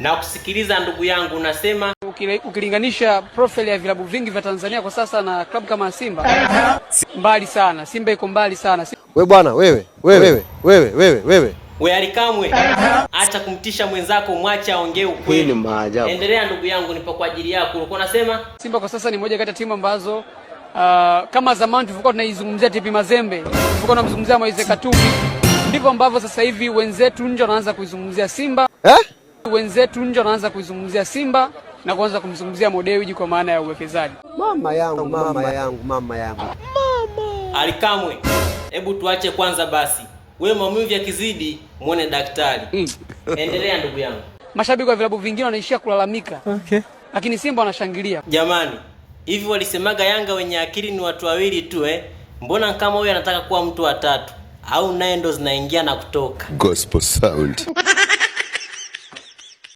na kusikiliza ndugu yangu, unasema ukilinganisha profile ya vilabu vingi vya Tanzania kwa sasa na klabu kama Simba mbali sana, Simba iko mbali sana. We bwana, wewe wewe wewe wewe wewe we alikamwe, acha kumtisha mwenzako, mwache aongee ukweli. Ni Maajabu. Endelea ndugu yangu, nipo kwa ajili yako. Ulikuwa unasema Simba kwa sasa ni moja kati ya timu ambazo Uh, kama zamani tulikuwa tunaizungumzia TP Mazembe, tulikuwa tunamzungumzia Moise Katumbi, ndivyo ambavyo sasa hivi wenzetu nje wanaanza kuizungumzia Simba eh? Wenzetu nje wanaanza kuizungumzia Simba na kuanza kumzungumzia Modewiji kwa maana ya uwekezaji. Mama yangu, mama yangu, mama yangu, mama Alikamwe, hebu tuache kwanza basi, Wewe maumivu yakizidi mwone daktari. Mm. Endelea ndugu yangu. Mashabiki wa vilabu vingine wanaishia kulalamika, okay, lakini Simba wanashangilia. Jamani, hivi walisemaga Yanga wenye akili ni watu wawili tu eh? Mbona kama huyu anataka kuwa mtu wa tatu, au naye ndo zinaingia na kutoka Gospel sound